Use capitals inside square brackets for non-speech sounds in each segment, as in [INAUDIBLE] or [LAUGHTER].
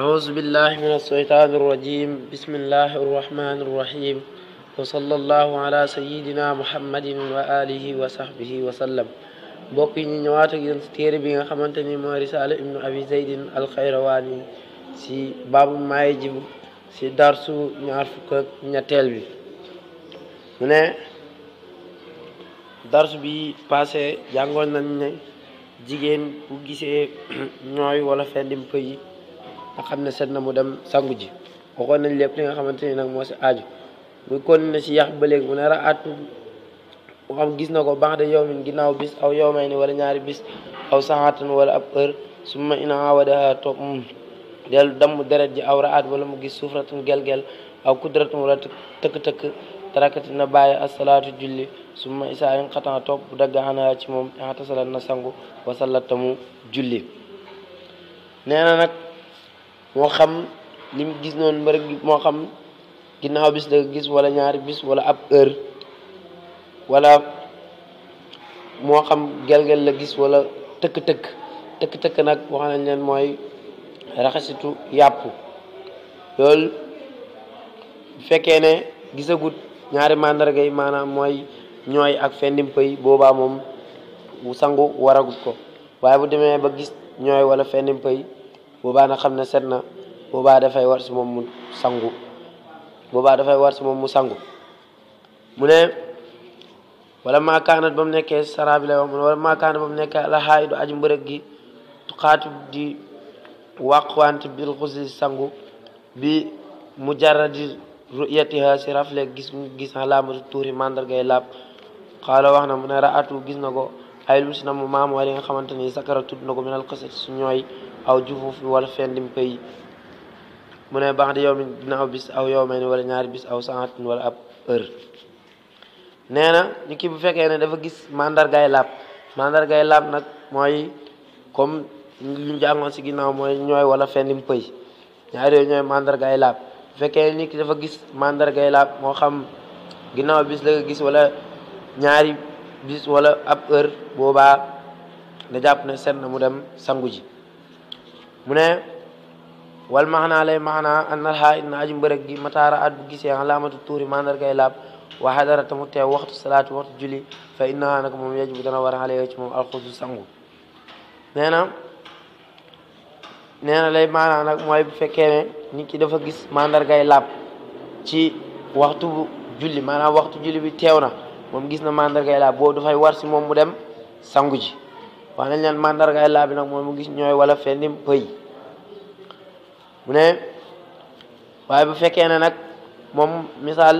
أعوذ بالله من الشيطان الرجيم بسم الله الرحمن الرحيم وصلى الله على سيدنا محمد وآله وصحبه وسلم mbokk yi ñu ñëwaat ak yéen si téere bi nga xamante ni mooy risaala ibnu abi zeydin alxayrawaani si baabu maaye jib si darsu ñaar fukk ak bi mu ne darsu bi passé jàngoon nañ ne jigéen bu gisee [CLEARS THROAT] ñooy wala fendim pëyi nga xam ne set na mu dem sangu ji waxoon nañ lépp li nga xamante ni nag moo si aaju muy continuer si yax ba léegi mu ne raatu mu xam gis na ko baax de yow min ginnaaw bis aw yow may ni wala ñaari bis aw saxaatan wala ab heure su ma inaa wadaha topp mu mm, dellu ji aw raat wala mu gis sufratum gel-gel aw kudratum wala tëkk-tëkk tarakati na bàyyi asalaatu julli summa isaa in xataa topp dagg ana ci moom xatasala na sangu wasalatamu julli nee na nag moo xam li mu gis noonu ba rek moo xam ginnaaw bis da gis wala ñaari bis wala ab heure wala moo xam gelgel la gis wala tëkk-tëkk tëkk-tëkk nag wax nañ leen mooy raxasitu yàpp loolu bu fekkee ne gisagut ñaari màndarga yi maanaam mooy ñooy ak fendim pëy boobaa moom sangu waragut ko waaye bu demee ba gis ñooy wala fendim boobaa na xam ne set na boobaa dafay war si moom mu sangu boobaa dafay war si moom mu sangu mu ne walla maa kaanat ba mu nekkee saraa bi lay wax mu ne wala maa kaanat ba mu nekkee alxaay du gi tuqaatu di wàqwante sangu bi mujarradi ruyatiha si rafle gis gis alaamatu tuuri mandargay laab xaala wax na mu ne raatu gis na ko ay lus na mu maam wala nga xamante ni sakara tudd na ko minal xasati su ñooy aw jufuuf wala fendim pëy mu ne baax di yow mi ginnaaw bis aw yow may wala ñaari bis aw saatin wala ab heure nee na ñu kii bu fekkee ne dafa gis màndargay làpp mandargaay laab nag mooy comme ñu jàngoon si ginnaaw mooy ñooy wala fendim pëy ñaar yooyu ñooy mandargaay laab bu fekkee nit ki dafa gis mandargaay laab moo xam ginnaaw bis la gis wala ñaari bis wala ab heure boobaa da jàpp ne set na mu dem sangu ji mu ne wal maxanaa lay maxanaa annal xaa it na aji mbërëg gi mataara at bu gisee alaamatu tuuri mandargay laab waa xadara tamu teew waxtu salaat waxtu war alayhi ci moom alxusu sangu nee na nee na lay maanaa nag mooy bu fekkee ne nit ki dafa gis màndargay laab ci waxtu bu julli maanaam waxtu julli bi teew na moom gis na màndargay laab boobu dafay war si moom mu dem sangu ji waa nañ leen màndargaay laa bi nag mooy mu gis ñooy wala fenni pëy mu ne waaye bu fekkee ne nag moom misaal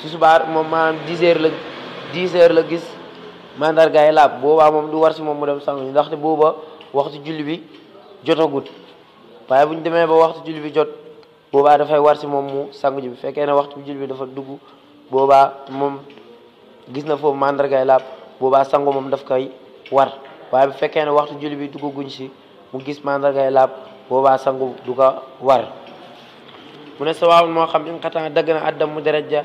ci subaar moom maanaam dix la dix la gis màndargaay laab boobaa moom du war si moom mu dem sangu ndaxte booba waxtu julli bi jotagut waaye bu ñu demee ba waxtu julli bi jot boobaa dafay war si moom mu sangu ji bu fekkee ne waxtu julli bi dafa dugg boobaa moom gis na foofu màndargaay laab boobaa sangu moom daf koy war waaye bu fekkee ne waxtu julli bi dugguñ si mu gis mandargay laab booba sangu du ko war mu ne sa sawaabul moo xam in xataa dagg na addam mu deret ja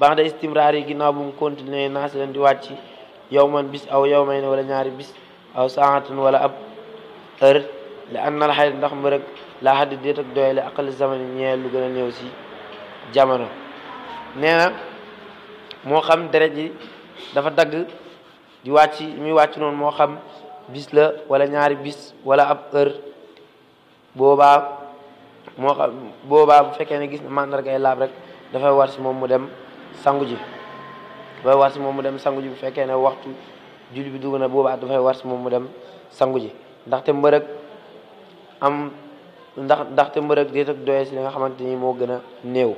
baax da istimraar yi ginnaaw bu mu naa naasi leen di wàcc yow man bis aw yow may ne wala ñaari bis aw saatan wala ab heure li an nal xarit ndax mu rek laa xaddi déet ak doy la zamani ñeel lu gën a néew si jamono nee moo xam deret ji dafa dagg di wàcc muy wàcc noonu moo xam bis la wala ñaari bis wala ab heure boobaa moo xam boobaa bu fekkee ne gis na màndargay laab rek dafay war si moom mu dem sangu ji dafay war si moom mu dem sangu ji bu fekkee ne waxtu julli bi dugg na boobaa dafay war si moom mu dem sangu ji ndaxte mbërëg am ndax ndaxte mbërëg déet ak doye si li nga xamante ni moo gën a néew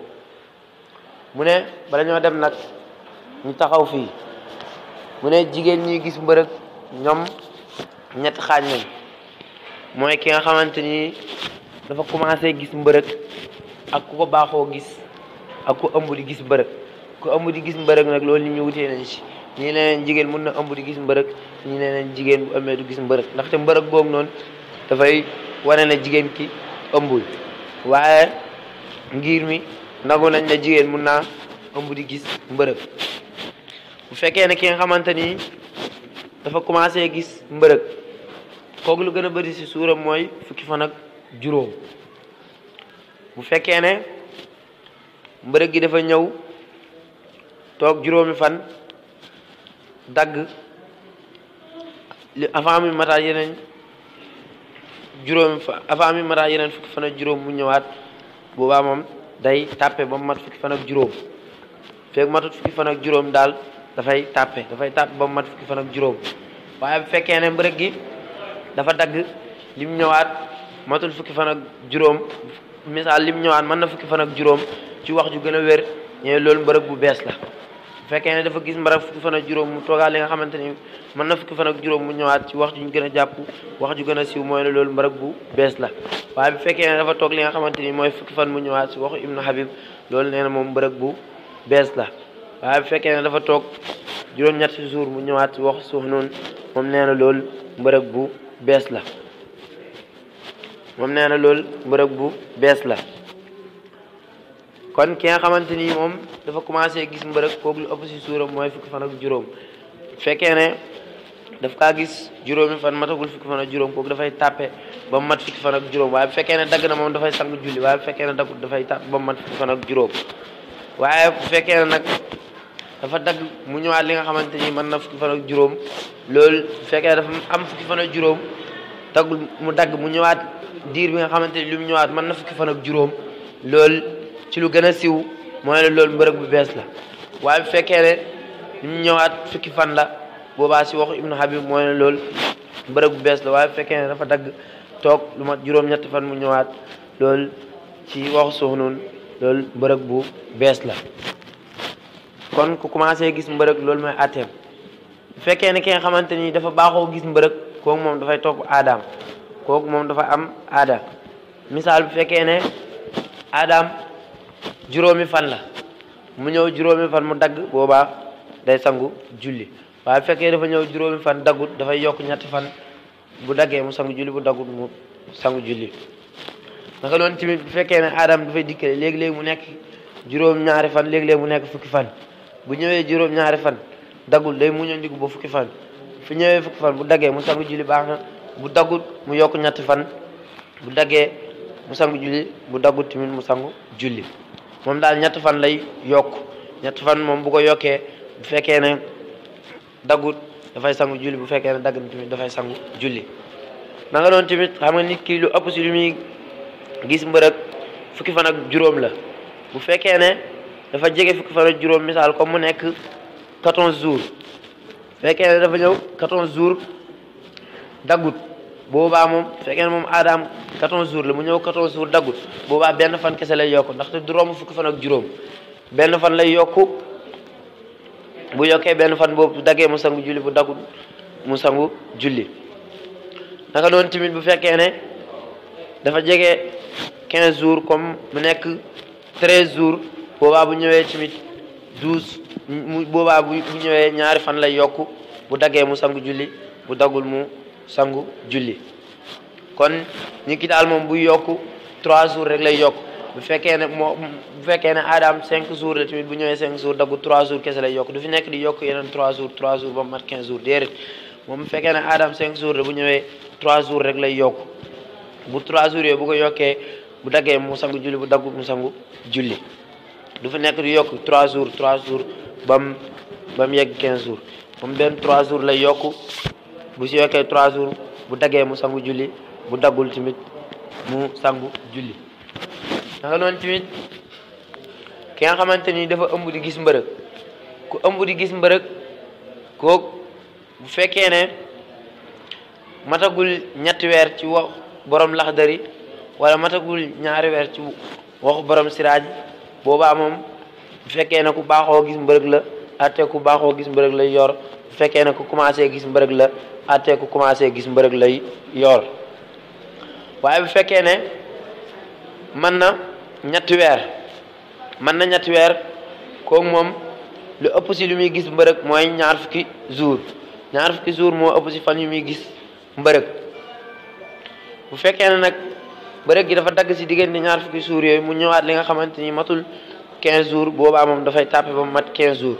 mu ne bala ñoo dem nag ñu taxaw fii mu ne jigéen ñi gis mbërëg ñoom ñetti xaaj nañ mooy ki xamante ni dafa commencé gis mbërëg ak ku ko baaxoo gis ak ku ëmb di gis mbërëg ku ëmb di gis mbërëg nag loolu nit ñu wutee nañ ci ñii ne leen jigéen mën na ëmb di gis mbërëg ñii ne leen jigéen bu ëmbee du gis mbërëg ndaxte mbërëg boobu noonu dafay wane na jigéen ki ëmbul waaye ngir mi nangu nañ ne jigéen mun naa ëmb di gis mbërëg bu fekkee ne ki nga xamante ni dafa commencé gis mbërëg kooku lu gën a bëri si suuram mooy fukki fan ak juróom bu fekkee ne mbërëg gi dafa ñëw toog juróomi fan dagg li avant mi mataat yeneen juróomi mi mataat yeneen fukki fan ak juróom mu ñëwaat boobaa moom day tàppe ba mu mat fukki fan ak juróom feeg matut fukki fan ak juróom daal dafay tàppe dafay tàpp ba mu mat fukki fan ak juróom waaye bu fekkee ne mbërëg gi dafa dagg lim ñëwaat matul fukki fan ak juróom misaal lim ñëwaat mën na fukki fan ak juróom ci wax ju gën a wér ñee loolu mbërëg bu bees la bu fekkee ne dafa gis mbërëg fan ak juróom mu toogaat li nga xamante ni mën na fukki fan ak juróom mu ñëwaat ci wax ju ñu gën a jàpp wax ju gën a siiw mooy na loolu mbërëg bu bees la waaye bu fekkee ne dafa toog li nga xamante ni mooy fukki fan mu ñëwaat ci waxu Ibnu Habib loolu nee na moom mbërëg bu bees la waaye bu fekkee ne dafa toog juróom-ñetti jour mu ñëwaat wax suux noonu moom nee na loolu mbërëg bu bees la moom nee na loolu mbërëg bu bees la kon ki nga xamante ni moom dafa commencé gis mbërëg kooku lu ëpp si suuram mooy fukki fan ak juróom fekkee ne daf kaa gis juróomi fan matagul fukki fan ak juróom kooku dafay tàppe ba mu mat fukki fan ak juróom waaye bu fekkee ne dagg na moom dafay sang julli waaye bu fekkee ne dagut dafay tàppe ba mu mat fukki fan ak juróom waaye bu fekkee nag dafa dagg mu ñëwaat li nga xamante ni mën na fukki fan ak juróom lool bu fekkee dafa am fukki fan ak juróom taggul mu dagg mu ñëwaat diir bi nga xamante ni lu mu ñëwaat man na fukki fan ak juróom lool ci lu gën a siw mooy loolu mbërëg bu bees la waaye bu fekkee ne lu ñëwaat fukki fan la boobaa si waxu ibnu habib mooy ne loolu bu bees la waaye fekkee ne dafa dagg toog lu mat juróom fan mu ñëwaat loolu ci waxu suuf noonu loolu mbërëg bu bees la kon ku commencé gis mbërëg loolu mooy atteem bu fekkee ne ki nga xamante ni dafa baaxoo gis mbërëg kooku moom dafay topp aadaam kooku moom dafa am aada misaal bu fekkee ne aadaam juróomi fan la mu ñëw juróomi fan mu dagg boobaa day sangu julli waaye bu fekkee dafa ñëw juróomi fan daggut dafay yokk ñetti fan bu daggee mu sangu julli bu daggut mu sangu julli naka doon tamit bu fekkee ne aadama dafay dikkale léegi-léegi mu nekk juróom-ñaari fan léegi-léegi mu nekk fukki fan bu ñëwee juróom-ñaari fan daggul day muñoon ndigu fukki fan fi ñëwee fukki fan bu daggee mu sangu julli baax bu daggul mu yokk ñetti fan bu daggee mu sangu julli bu daggul tamit mu sangu julli moom daal ñetti fan lay yokk ñetti fan moom bu ko yokkee bu fekkee ne daggut dafay sangu julli bu fekkee ne dagg na tamit dafay sangu julli na doon tamit xam nga nit ki lu ëpp gis mbërëg fukki fanag juróom la bu fekkee ne dafa jege fukki fan juróom misaal comme mu nekk quatorze jours fekkee ne dafa ñëw quatorze jours daggut boobaa moom fekkee ne moom aadaam quatorze jours la mu ñëw quatorze jours daggut boobaa benn fan kese lay yokk ndaxte du romb fukki fan ak juróom benn fan lay yokk bu yokkee benn fan boobu daggee mu sangu julli bu daggut mu sangu julli naka doon timit bu fekkee ne dafa jege quinze jours comme mu nekk treize jours boobaa bu ñëwee tamit douze mu boobaa bu ñëwee ñaari fan lay yokk bu daggee mu sangu julli bu daggul mu sangu julli kon nit daal moom buy yokk trois jours rek lay bu fekkee ne moo bu fekkee ne adam cinq jours la tamit bu ñëwee cinq jours daggu trois jours kese lay yokk du fi nekk di yokk yeneen trois jours trois jours ba mu mat quinze jours moom bu fekkee ne adam cinq jours la ñëwee trois jours rek lay yokk yooyu bu yokkee bu daggee mu sangu julli bu daggu mu sangu julli du fa nekk di yokk trois jours trois jours ba mu ba yegg jours ba mu benn trois jours lay yokk bu si yokkee trois jours bu daggee mu sangu julli bu daggul tamit mu sangu julli naka noonu tamit ki nga xamante ni dafa ëmb di gis mbërëg ku ëmb di gis mbërëg kook bu fekkee ne matagul ñetti weer ci wa borom laxdari wala matagul ñaari weer ci waxu borom siraaj boobaa moom bu fekkee ne ku baaxoo gis mbërëg la atte ku baaxoo gis mbërëg lay yor bu fekkee ne ku commencé gis mbërëg la atte ku commencé gis mbërëg lay yor waaye bu fekkee ne mën na ñetti weer mën na ñetti weer kooku moom lu ëpp si lu muy gis mbërëg mooy ñaar fukki jour ñaar fukki jour moo ëpp si fan yu muy gis mbërëg bu fekkee nag bëreeg gi dafa dagg si diggante ñaar fukki suur yooyu mu ñëwaat li nga xamante ni matul 15 jours boobaa moom dafay tàppe ba mu mat 15 jours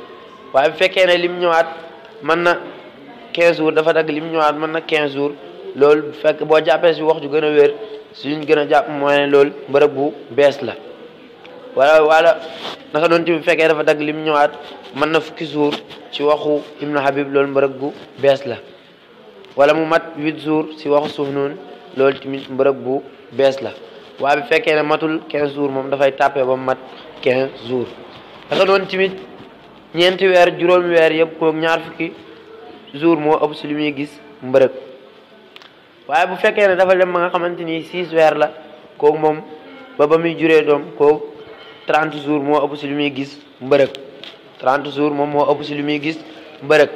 waaye bu fekkee ne lim ñëwaat mën na 15 jours dafa dagg lim ñëwaat mën na 15 jours loolu bu fekk boo jàppee si wax ju gën a wér suñu gën a jàpp mooy lool loolu bu bees la wala wala naka doon ci bu fekkee dafa dagg lim ñëwaat mën na fukki jours ci waxu Ibn Habib loolu mbërëb bu bees la wala mu mat 8 jours si waxu suuf noonu loolu tamit mbërëb bu bees la waaye bu fekkee ne matul 15 jours moom dafay tàppe ba mat 15 jours dafa doon timit ñeenti weer juróomi weer yëpp kook ñaar fukki jours moo ëpp si li muy gis mbërëg waaye bu fekkee ne dafa dem ba nga xamante ni 6 weer la koog moom ba ba muy juree doom koog 30 jours moo ëpp si muy gis mbërëg 30 jours moom moo ëpp si muy gis mbërëg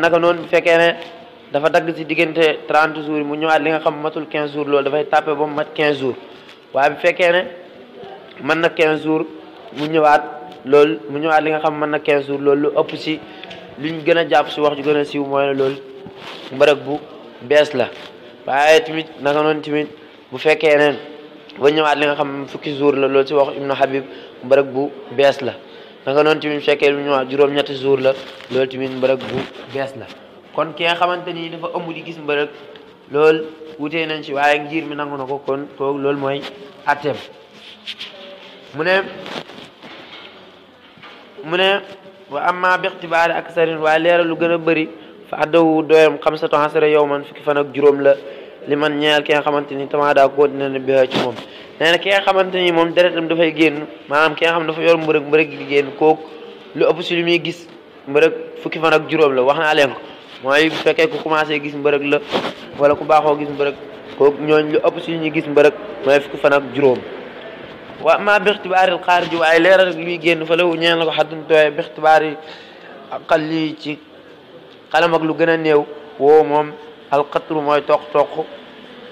naka noonu bu fekkee ne. dafa dagg si diggante trente jour yi mu ñëwaat li nga xam matul quinze jours loolu dafay tàppe ba mu mat quinze jours waaye bu fekkee ne mën na quinze jours mu ñëwaat loolu mu ñëwaat li nga xam mën na quinze jours loolu lu ëpp ci liñ gën a jàpp ci wax ju gën a siiw mooy ne bu bees la waaye tamit naka noonu tamit bu fekkee ne ba ñëwaat li nga xam fukki jours la loolu ci wax Ibn Habib mbërëg bu bees la naka noonu tamit bu fekkee bu ñëwaat juróom-ñetti jours la loolu tamit mbërëg bu bees la kon ki nga xamante ni dafa ëmb di gis mbërëg lool wutee nañ ci waaye ngir mi nangu na ko kon kooku loolu mooy atteem mu ne mu ne wa amma bi ak aksarin waaye leeral lu gën a bëri fa addawu doyam xamsatu asara yow man fukki fan ak juróom la li man ñeel ki nga xamante ni tamaada ko dina ne bi ci moom nee na ki xamante ni moom deretam dafay génn maanaam ki nga xam dafa yor mbërëg mbërëg gi génn kooku lu ëpp si lu muy gis mbërëg fukki fan ak juróom la wax naa leen mooy bu fekkee ku commencé gis mbërëg la wala ku baaxoo gis mbërëg kooku ñooñ lu ëpp si ñu gis mbërëg mooy fukki fan ak juróom wa ma bixtibaaril xaariji waaye leeral luy génn fa lawu ñeen la ko xaddun tooye bixtibaari aqal lii ci xalam ak lu gën a néew woo moom alxatru mooy toq-toq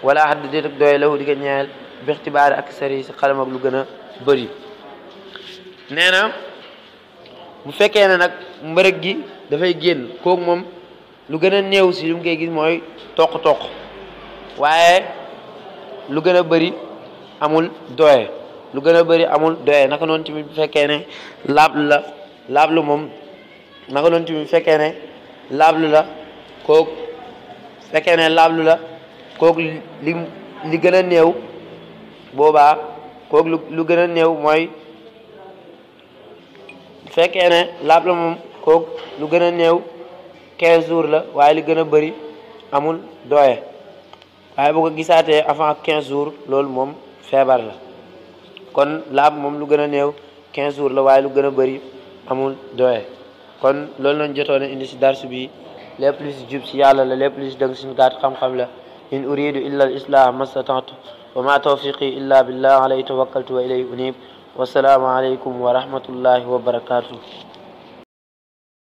wala xadd déet ak dooy lawu si xalam lu gën a bëri nee na bu fekkee ne nag mbërëg gi dafay génn kooku moom lu gën a néew si lu mu gis mooy toq-toq waaye lu gën a bëri amul doye lu gën a bëri amul doye naka noonu tamit bu fekkee ne laablu la laablu moom naka noonu tamit fekkee ne laablu la kooku fekkee ne laablu la kooku li li gën a néew boobaa kooku lu gën a néew mooy fekkee ne laablu moom kooku lu gën a néew 15 jours la waaye li gën a bëri amul doye waaye bu ko gisaatee avant quinze jours loolu moom feebar la kon laab moom lu gën a néew 15 jours la waaye lu gën a bëri amul doye kon loolu lañ jotoon indi si darsu bi lépp lu si jub si yàlla la lépp lu si dëng suñu gàtt xam la in uridu illa al islah mastata'tu wa ma tawfiqi illa billah alayhi tawakkaltu wa ilayhi unib wasalaamu aleykum wa rahmatullahi wa barakatuh